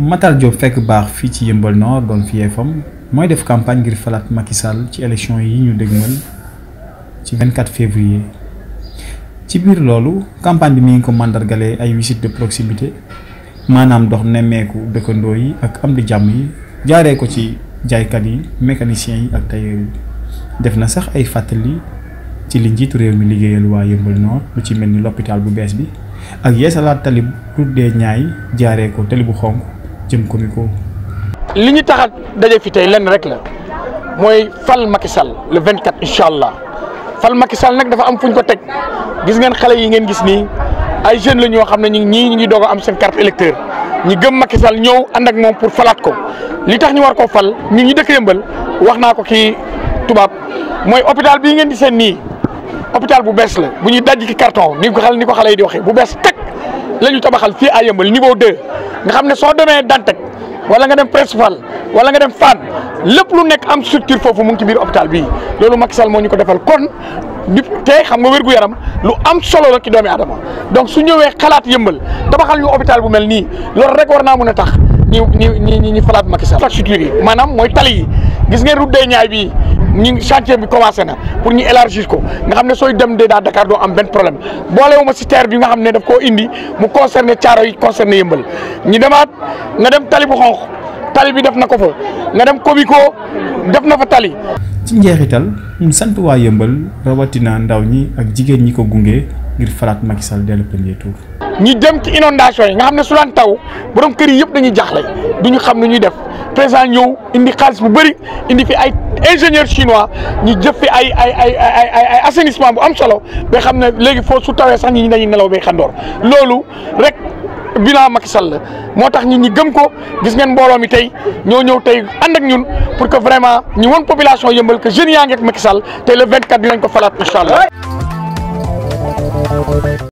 Matar Diop fekk baax fii ci Nord doon fi Yefam mooy def campagne ngir falat Macky Sall ci yi ñu ci 24 février ci loolu campagne bi mi ngi ko ay visite de proximité maanaam dox nemmeeku dëkkandoo yi ak am di jàmm yi jaaree ko ci jaaykat yi mécaniciens yi ak tailleur yi def na sax ay fàttali ci li Nord ci l'hôpital bu bees ak yeesalaat tali bu dee ñaay jaaree ko tali bu xonk jëm ko mi ko li ñu fi tey lenn rek la mooy fal Macky le 24 incha fal Macky Sall nag dafa am fu ñu ko teg gis ngeen xale yi ngeen gis nii ay jeunes la ñoo xam ne ñu ñii ñu ngi doog a am seen carte électeur ñi gëm Macky Sall ñëw ànd ak moom pour falaat ko li tax ñu war koo fal ñun ñu dëkk yëmbal wax ko kii tubaab mooy hôpital bii ngeen di seen nii hôpital bu bess la bu ñuy daj ci carton ni ko xal ni ko xale di waxe bu bess tek lañu tabaxal fi à niveau 2 nga xamne so soo demee wala nga dem principal wala nga dem fan lepp lu nek am structure fofu mu ngi biir hôpital bi lolu Macky Sall moo ñu ko defal kon di tey xam nga wérgu yaram lu am solo la ci doomi adama donc su ñëwee xalaat yëmbal tabaxal ñu hôpital bu mel ni lolu rek war naa mun tax ni ni ni ñu falaat Macky Sall infrastructure yi maanaam mooy tali gis ngeen route de ñaay bi ñu ngi chantier bi commencé na pour ñu élargir ko nga xam ne sooy dem de daa Dakar doo am benn problème boolewuma si terre bi nga xam ne daf koo indi mu concerné caaro yi concerné yëmbal ñu demaat nga dem tali bu xonq tali bi def na ko fa nga dem Comico def na fa tali. ci njeexital mu sant waa yëmbal rawatina ndaw ñi ak jigéen ñi ko gunge ngir falaat Macky Sall dès le premier ñu jëm ci inondation yi nga xam ne su daan taw borom kër yi yëpp dañuy jaaxle du ñu xam ne ñuy def président ñëw indi xaalis bu bëri indi fi ay ingénieur chinois ñu jëf fi ay ay ay ay ay assainissement bu am solo ba xam ne léegi foo su tawee sax ñi dañuy nelaw bay xandoor loolu rek bilan Macky Sall la moo tax ñun ñi gëm ko gis ngeen mbooloo mi tey ñoo ñëw tey ànd ak ñun pour que vraiment ñu won population yëmbal que jeunes yaa ngi ak Macky Sall te le 24 dinañ ko falaat incha allah.